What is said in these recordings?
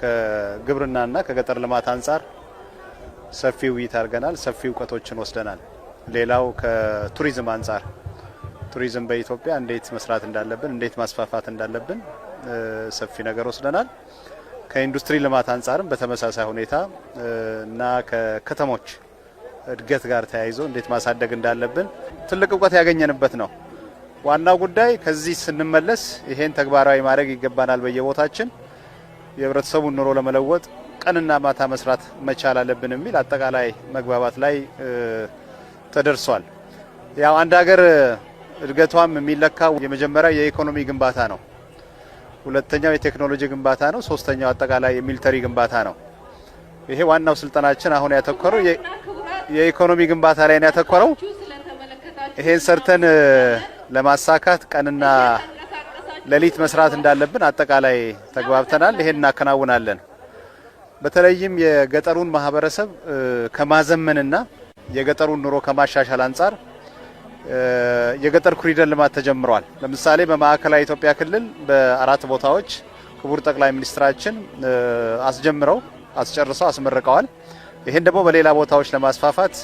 ከግብርናና ከገጠር ልማት አንጻር ሰፊ ውይይት አድርገናል። ሰፊ እውቀቶችን ወስደናል። ሌላው ከቱሪዝም አንጻር ቱሪዝም በኢትዮጵያ እንዴት መስራት እንዳለብን፣ እንዴት ማስፋፋት እንዳለብን ሰፊ ነገር ወስደናል። ከኢንዱስትሪ ልማት አንጻርም በተመሳሳይ ሁኔታ እና ከከተሞች እድገት ጋር ተያይዞ እንዴት ማሳደግ እንዳለብን ትልቅ እውቀት ያገኘንበት ነው። ዋናው ጉዳይ ከዚህ ስንመለስ ይሄን ተግባራዊ ማድረግ ይገባናል በየቦታችን የህብረተሰቡን ኑሮ ለመለወጥ ቀንና ማታ መስራት መቻል አለብን የሚል አጠቃላይ መግባባት ላይ ተደርሷል። ያው አንድ ሀገር እድገቷም የሚለካው የመጀመሪያው የኢኮኖሚ ግንባታ ነው። ሁለተኛው የቴክኖሎጂ ግንባታ ነው። ሶስተኛው አጠቃላይ የሚሊተሪ ግንባታ ነው። ይሄ ዋናው ስልጠናችን አሁን ያተኮረው የኢኮኖሚ ግንባታ ላይ ነው ያተኮረው። ይሄን ሰርተን ለማሳካት ቀንና ሌሊት መስራት እንዳለብን አጠቃላይ ተግባብተናል። ይሄን እናከናውናለን። በተለይም የገጠሩን ማህበረሰብ ከማዘመንና የገጠሩን ኑሮ ከማሻሻል አንጻር የገጠር ኩሪደር ልማት ተጀምሯል። ለምሳሌ በማዕከላዊ ኢትዮጵያ ክልል በአራት ቦታዎች ክቡር ጠቅላይ ሚኒስትራችን አስጀምረው አስጨርሰው አስመርቀዋል። ይህን ደግሞ በሌላ ቦታዎች ለማስፋፋት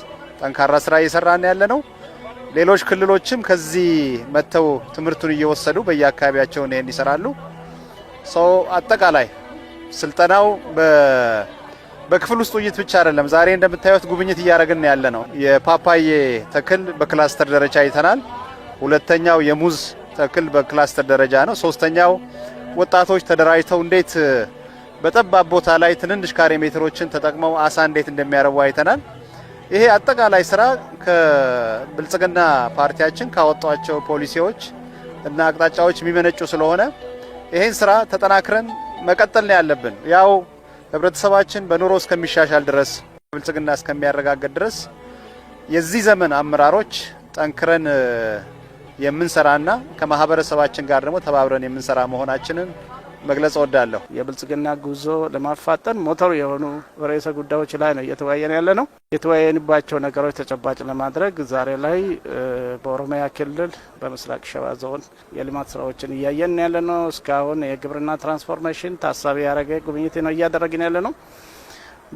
ጠንካራ ስራ እየሰራን ያለ ነው። ሌሎች ክልሎችም ከዚህ መጥተው ትምህርቱን እየወሰዱ በየአካባቢያቸው ይህን ይሰራሉ። ሰው አጠቃላይ ስልጠናው በክፍል ውስጥ ውይይት ብቻ አይደለም። ዛሬ እንደምታዩት ጉብኝት እያደረግን ያለ ነው። የፓፓዬ ተክል በክላስተር ደረጃ አይተናል። ሁለተኛው የሙዝ ተክል በክላስተር ደረጃ ነው። ሶስተኛው ወጣቶች ተደራጅተው እንዴት በጠባብ ቦታ ላይ ትንንሽ ካሬ ሜትሮችን ተጠቅመው አሳ እንዴት እንደሚያረቡ አይተናል። ይሄ አጠቃላይ ስራ ከብልጽግና ፓርቲያችን ካወጧቸው ፖሊሲዎች እና አቅጣጫዎች የሚመነጩ ስለሆነ ይህን ስራ ተጠናክረን መቀጠል ነው ያለብን። ያው ህብረተሰባችን በኑሮ እስከሚሻሻል ድረስ ብልጽግና እስከሚያረጋግጥ ድረስ የዚህ ዘመን አመራሮች ጠንክረን የምንሰራና ከማህበረሰባችን ጋር ደግሞ ተባብረን የምንሰራ መሆናችንን መግለጽ እወዳለሁ። የብልጽግና ጉዞ ለማፋጠን ሞተሩ የሆኑ ርዕሰ ጉዳዮች ላይ ነው እየተወያየን ያለ ነው። የተወያየንባቸው ነገሮች ተጨባጭ ለማድረግ ዛሬ ላይ በኦሮሚያ ክልል በምስራቅ ሸዋ ዞን የልማት ስራዎችን እያየን ያለ ነው። እስካሁን የግብርና ትራንስፎርሜሽን ታሳቢ ያደረገ ጉብኝት ነው እያደረግን ያለ ነው።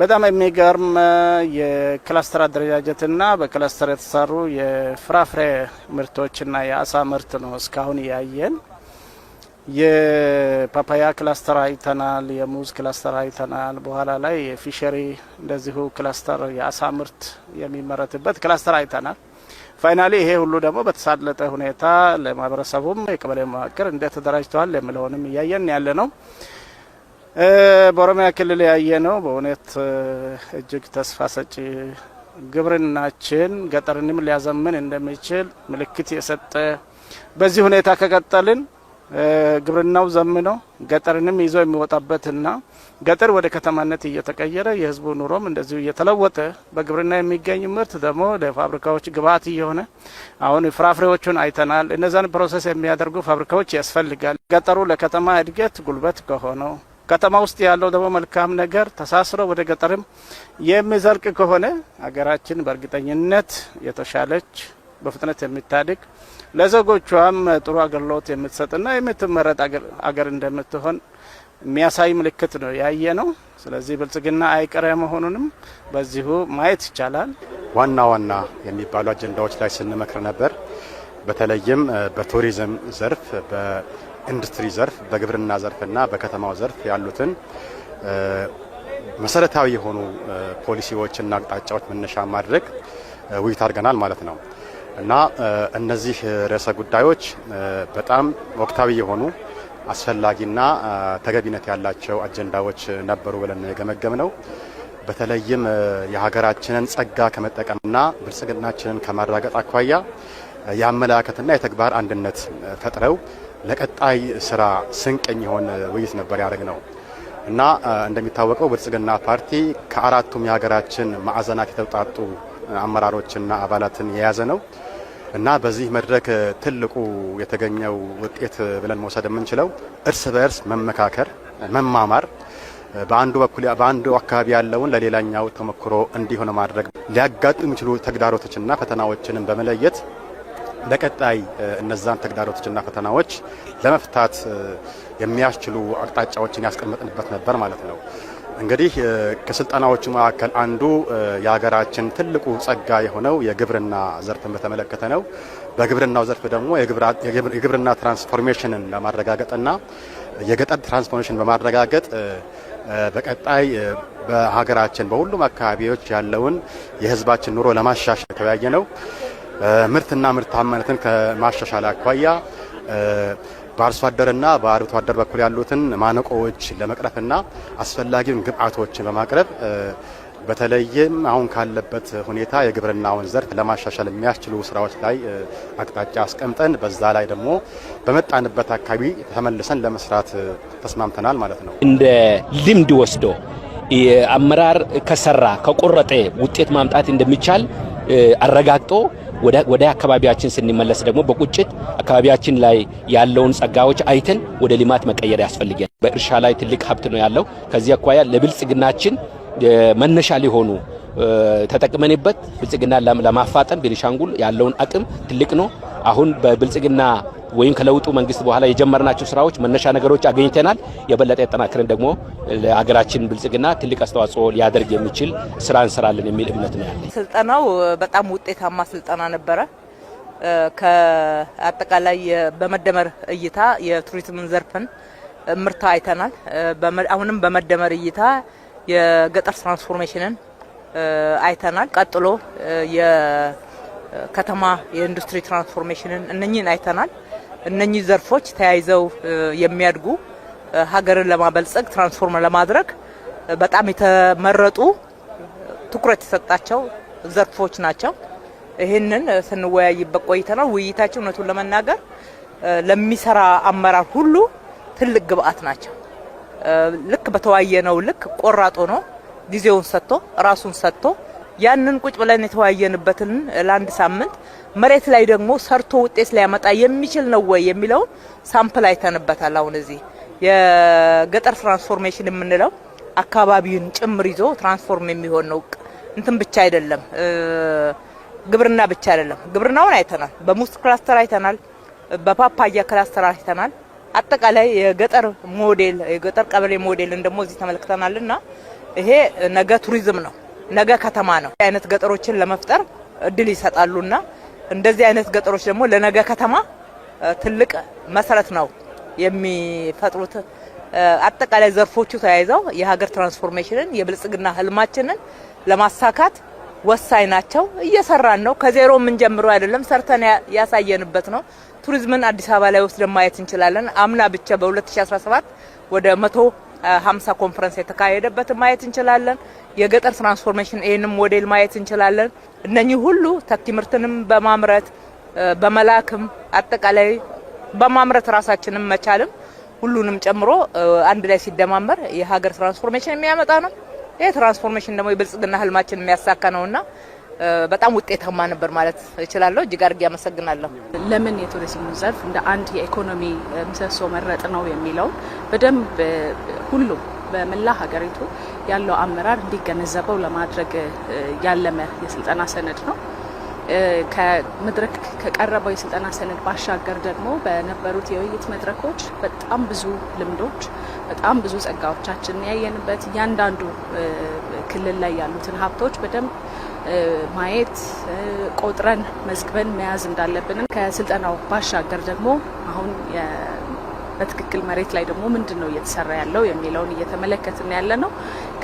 በጣም የሚገርም የክላስተር አደረጃጀትና በክላስተር የተሰሩ የፍራፍሬ ምርቶችና የአሳ ምርት ነው እስካሁን እያየን የፓፓያ ክላስተር አይተናል። የሙዝ ክላስተር አይተናል። በኋላ ላይ የፊሸሪ እንደዚሁ ክላስተር የአሳ ምርት የሚመረትበት ክላስተር አይተናል። ፋይናሊ ይሄ ሁሉ ደግሞ በተሳለጠ ሁኔታ ለማህበረሰቡም የቀበሌ መዋቅር እንዴት ተደራጅተዋል እያየን ያለ ነው። በኦሮሚያ ክልል ያየ ነው በእውነት እጅግ ተስፋ ሰጪ ግብርናችን ገጠርንም ሊያዘምን እንደሚችል ምልክት የሰጠ በዚህ ሁኔታ ከቀጠልን ግብርናው ዘምኖ ገጠርንም ይዞ የሚወጣበትና ገጠር ወደ ከተማነት እየተቀየረ የህዝቡ ኑሮም እንደዚሁ እየተለወጠ በግብርና የሚገኝ ምርት ደግሞ ለፋብሪካዎች ግብዓት እየሆነ አሁን ፍራፍሬዎቹን አይተናል። እነዛን ፕሮሰስ የሚያደርጉ ፋብሪካዎች ያስፈልጋል። ገጠሩ ለከተማ እድገት ጉልበት ከሆነው ከተማ ውስጥ ያለው ደግሞ መልካም ነገር ተሳስሮ ወደ ገጠርም የሚዘልቅ ከሆነ ሀገራችን በእርግጠኝነት የተሻለች በፍጥነት የምታድግ ለዜጎቿም ጥሩ አገልግሎት የምትሰጥና የምትመረጥ አገር እንደምትሆን የሚያሳይ ምልክት ነው ያየ ነው። ስለዚህ ብልጽግና አይቀሬ መሆኑንም በዚሁ ማየት ይቻላል። ዋና ዋና የሚባሉ አጀንዳዎች ላይ ስንመክር ነበር። በተለይም በቱሪዝም ዘርፍ፣ በኢንዱስትሪ ዘርፍ፣ በግብርና ዘርፍና በከተማው ዘርፍ ያሉትን መሰረታዊ የሆኑ ፖሊሲዎችና አቅጣጫዎች መነሻ ማድረግ ውይይት አድርገናል ማለት ነው። እና እነዚህ ርዕሰ ጉዳዮች በጣም ወቅታዊ የሆኑ አስፈላጊና ተገቢነት ያላቸው አጀንዳዎች ነበሩ ብለን የገመገም ነው። በተለይም የሀገራችንን ጸጋ ከመጠቀምና ብልጽግናችንን ከማረጋገጥ አኳያ የአመለካከትና የተግባር አንድነት ፈጥረው ለቀጣይ ስራ ስንቅ የሚሆን ውይይት ነበር ያደረግ ነው እና እንደሚታወቀው ብልጽግና ፓርቲ ከአራቱም የሀገራችን ማዕዘናት የተውጣጡ አመራሮችና አባላትን የያዘ ነው። እና በዚህ መድረክ ትልቁ የተገኘው ውጤት ብለን መውሰድ የምንችለው እርስ በእርስ መመካከር፣ መማማር በአንዱ በኩል በአንዱ አካባቢ ያለውን ለሌላኛው ተሞክሮ እንዲሆን ማድረግ ሊያጋጥሙ የሚችሉ ተግዳሮቶችና ፈተናዎችንም በመለየት በቀጣይ እነዛን ተግዳሮቶችና ፈተናዎች ለመፍታት የሚያስችሉ አቅጣጫዎችን ያስቀመጥንበት ነበር ማለት ነው። እንግዲህ ከስልጠናዎቹ መካከል አንዱ የሀገራችን ትልቁ ጸጋ የሆነው የግብርና ዘርፍን በተመለከተ ነው። በግብርናው ዘርፍ ደግሞ የግብርና ትራንስፎርሜሽንን ለማረጋገጥና የገጠር ትራንስፎርሜሽን በማረጋገጥ በቀጣይ በሀገራችን በሁሉም አካባቢዎች ያለውን የሕዝባችን ኑሮ ለማሻሻል የተወያየ ነው። ምርትና ምርታማነትን ከማሻሻል አኳያ በአርሶ አደርና በአርብቶ አደር በኩል ያሉትን ማነቆዎች ለመቅረፍና አስፈላጊውን ግብዓቶችን በማቅረብ በተለይም አሁን ካለበት ሁኔታ የግብርናውን ዘርፍ ለማሻሻል የሚያስችሉ ስራዎች ላይ አቅጣጫ አስቀምጠን በዛ ላይ ደግሞ በመጣንበት አካባቢ ተመልሰን ለመስራት ተስማምተናል ማለት ነው። እንደ ልምድ ወስዶ አመራር ከሰራ ከቆረጠ ውጤት ማምጣት እንደሚቻል አረጋግጦ ወደ አካባቢያችን ስንመለስ ደግሞ በቁጭት አካባቢያችን ላይ ያለውን ጸጋዎች አይተን ወደ ልማት መቀየር ያስፈልጋል። በእርሻ ላይ ትልቅ ሀብት ነው ያለው። ከዚህ አኳያ ለብልጽግናችን መነሻ ሊሆኑ ተጠቅመንበት ብልጽግና ለማፋጠን ቤኒሻንጉል ያለውን አቅም ትልቅ ነው። አሁን በብልጽግና ወይም ከለውጡ መንግስት በኋላ የጀመርናቸው ስራዎች መነሻ ነገሮች አገኝተናል። የበለጠ ያጠናክረን ደግሞ ለሀገራችን ብልጽግና ትልቅ አስተዋጽኦ ሊያደርግ የሚችል ስራ እንሰራለን የሚል እምነት ነው ያለ። ስልጠናው በጣም ውጤታማ ስልጠና ነበረ። ከአጠቃላይ በመደመር እይታ የቱሪዝምን ዘርፍን ምርታ አይተናል። አሁንም በመደመር እይታ የገጠር ትራንስፎርሜሽንን አይተናል። ቀጥሎ የከተማ የኢንዱስትሪ ትራንስፎርሜሽንን እነኚህን አይተናል። እነኚህ ዘርፎች ተያይዘው የሚያድጉ ሀገርን ለማበልጸግ ትራንስፎርም ለማድረግ በጣም የተመረጡ ትኩረት የሰጣቸው ዘርፎች ናቸው። ይህንን ስንወያይበት ቆይተናል። ውይይታችን እውነቱን ለመናገር ለሚሰራ አመራር ሁሉ ትልቅ ግብአት ናቸው። ልክ በተወያየነው ልክ ቆራጦ ነው ጊዜውን ሰጥቶ ራሱን ሰጥቶ ያንን ቁጭ ብለን የተወያየንበትን ለአንድ ሳምንት መሬት ላይ ደግሞ ሰርቶ ውጤት ሊያመጣ የሚችል ነው ወይ የሚለውን ሳምፕል አይተንበታል። አሁን እዚህ የገጠር ትራንስፎርሜሽን የምንለው አካባቢውን ጭምር ይዞ ትራንስፎርም የሚሆን ነው። እንትን ብቻ አይደለም፣ ግብርና ብቻ አይደለም። ግብርናውን አይተናል፣ በሙስ ክላስተር አይተናል፣ በፓፓያ ክላስተር አይተናል። አጠቃላይ የገጠር ሞዴል የገጠር ቀበሌ ሞዴልን ደግሞ እዚህ ተመልክተናል። እና ይሄ ነገ ቱሪዝም ነው። ነገ ከተማ ነው አይነት ገጠሮችን ለመፍጠር እድል ይሰጣሉና እንደዚህ አይነት ገጠሮች ደግሞ ለነገ ከተማ ትልቅ መሰረት ነው የሚፈጥሩት። አጠቃላይ ዘርፎቹ ተያይዘው የሀገር ትራንስፎርሜሽንን የብልጽግና ህልማችንን ለማሳካት ወሳኝ ናቸው። እየሰራን ነው። ከዜሮ የምንጀምረው አይደለም። ሰርተን ያሳየንበት ነው። ቱሪዝምን አዲስ አበባ ላይ ወስደን ማየት እንችላለን። አምና ብቻ በ2017 ወደ መቶ ሀምሳ ኮንፈረንስ የተካሄደበትን ማየት እንችላለን። የገጠር ትራንስፎርሜሽን ይህንም ሞዴል ማየት እንችላለን። እነኚህ ሁሉ ተኪ ምርትንም በማምረት በመላክም አጠቃላይ በማምረት ራሳችንም መቻልም ሁሉንም ጨምሮ አንድ ላይ ሲደማመር የሀገር ትራንስፎርሜሽን የሚያመጣ ነው። ይህ ትራንስፎርሜሽን ደግሞ የብልጽግና ህልማችን የሚያሳካ ነውና በጣም ውጤታማ ነበር ማለት እችላለሁ። እጅግ አድርጌ አመሰግናለሁ። ለምን የቱሪዝሙ ዘርፍ እንደ አንድ የኢኮኖሚ ምሰሶ መረጥ ነው የሚለው በደንብ ሁሉም በመላ ሀገሪቱ ያለው አመራር እንዲገነዘበው ለማድረግ ያለመ የስልጠና ሰነድ ነው። ከመድረክ ከቀረበው የስልጠና ሰነድ ባሻገር ደግሞ በነበሩት የውይይት መድረኮች በጣም ብዙ ልምዶች፣ በጣም ብዙ ጸጋዎቻችን ያየንበት እያንዳንዱ ክልል ላይ ያሉትን ሀብቶች በደንብ ማየት ቆጥረን መዝግበን መያዝ እንዳለብን ከስልጠናው ባሻገር ደግሞ አሁን በትክክል መሬት ላይ ደግሞ ምንድን ነው እየተሰራ ያለው የሚለውን እየተመለከትን ያለ ነው።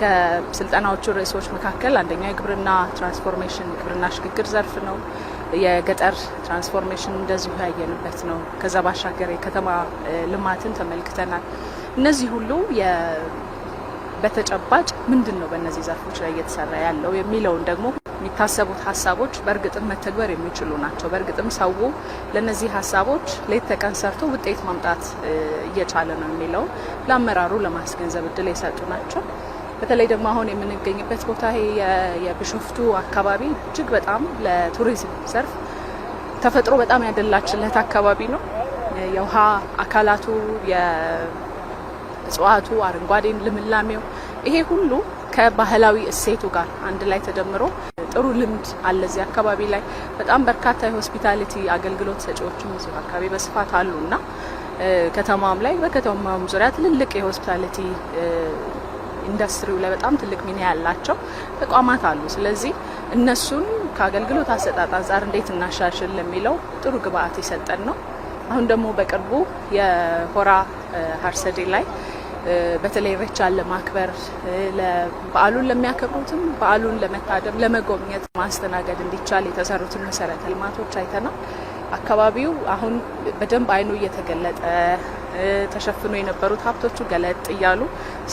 ከስልጠናዎቹ ርዕሶች መካከል አንደኛው የግብርና ትራንስፎርሜሽን የግብርና ሽግግር ዘርፍ ነው። የገጠር ትራንስፎርሜሽን እንደዚሁ ያየንበት ነው። ከዛ ባሻገር የከተማ ልማትን ተመልክተናል። እነዚህ ሁሉ በተጨባጭ ምንድን ነው በእነዚህ ዘርፎች ላይ እየተሰራ ያለው የሚለውን ደግሞ የሚታሰቡት ሀሳቦች በእርግጥም መተግበር የሚችሉ ናቸው። በእርግጥም ሰው ለነዚህ ሀሳቦች ሌት ተቀን ሰርቶ ውጤት ማምጣት እየቻለ ነው የሚለው ለአመራሩ ለማስገንዘብ እድል የሰጡ ናቸው። በተለይ ደግሞ አሁን የምንገኝበት ቦታ የቢሾፍቱ አካባቢ እጅግ በጣም ለቱሪዝም ዘርፍ ተፈጥሮ በጣም ያደላችለት አካባቢ ነው። የውሃ አካላቱ የእጽዋቱ አረንጓዴም ልምላሜው ይሄ ሁሉ ከባህላዊ እሴቱ ጋር አንድ ላይ ተደምሮ ጥሩ ልምድ አለ እዚህ አካባቢ ላይ በጣም በርካታ የሆስፒታሊቲ አገልግሎት ሰጪዎችም እዚሁ አካባቢ በስፋት እና ከተማም ላይ በከተማም ዙሪያ ትልልቅ የሆስፒታሊቲ ኢንዱስትሪው ላይ በጣም ትልቅ ሚና ያላቸው ተቋማት አሉ። ስለዚህ እነሱን ከአገልግሎት አሰጣጥ አንጻር እንዴት እናሻሽል የሚለው ጥሩ ግብአት የሰጠን ነው። አሁን ደግሞ በቅርቡ የሆራ ሀርሰዴ ላይ በተለይ ኢሬቻን ለማክበር በዓሉን ለሚያከብሩትም በዓሉን ለመታደም ለመጎብኘት ማስተናገድ እንዲቻል የተሰሩትን መሰረተ ልማቶች አይተናል። አካባቢው አሁን በደንብ አይኑ እየተገለጠ ተሸፍኖ የነበሩት ሀብቶቹ ገለጥ እያሉ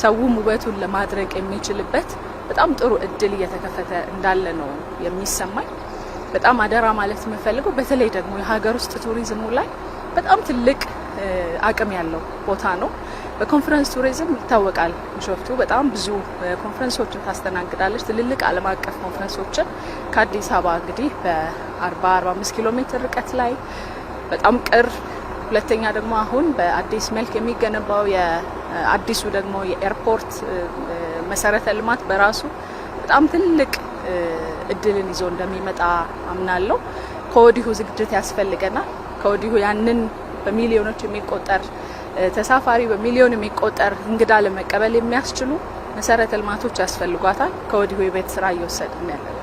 ሰውም ውበቱን ለማድረግ የሚችልበት በጣም ጥሩ እድል እየተከፈተ እንዳለ ነው የሚሰማኝ። በጣም አደራ ማለት የምፈልገው በተለይ ደግሞ የሀገር ውስጥ ቱሪዝሙ ላይ በጣም ትልቅ አቅም ያለው ቦታ ነው። በኮንፈረንስ ቱሪዝም ይታወቃል። ቢሾፍቱ በጣም ብዙ ኮንፈረንሶችን ታስተናግዳለች። ትልልቅ ዓለም አቀፍ ኮንፈረንሶችን ከአዲስ አበባ እንግዲህ በ40 45 ኪሎ ሜትር ርቀት ላይ በጣም ቅር ሁለተኛ ደግሞ አሁን በአዲስ መልክ የሚገነባው የአዲሱ ደግሞ የኤርፖርት መሰረተ ልማት በራሱ በጣም ትልቅ እድልን ይዞ እንደሚመጣ አምናለሁ። ከወዲሁ ዝግጅት ያስፈልገናል። ከወዲሁ ያንን በሚሊዮኖች የሚቆጠር ተሳፋሪ በሚሊዮን የሚቆጠር እንግዳ ለመቀበል የሚያስችሉ መሰረተ ልማቶች ያስፈልጓታል። ከወዲሁ የቤት ስራ እየወሰድን ያለ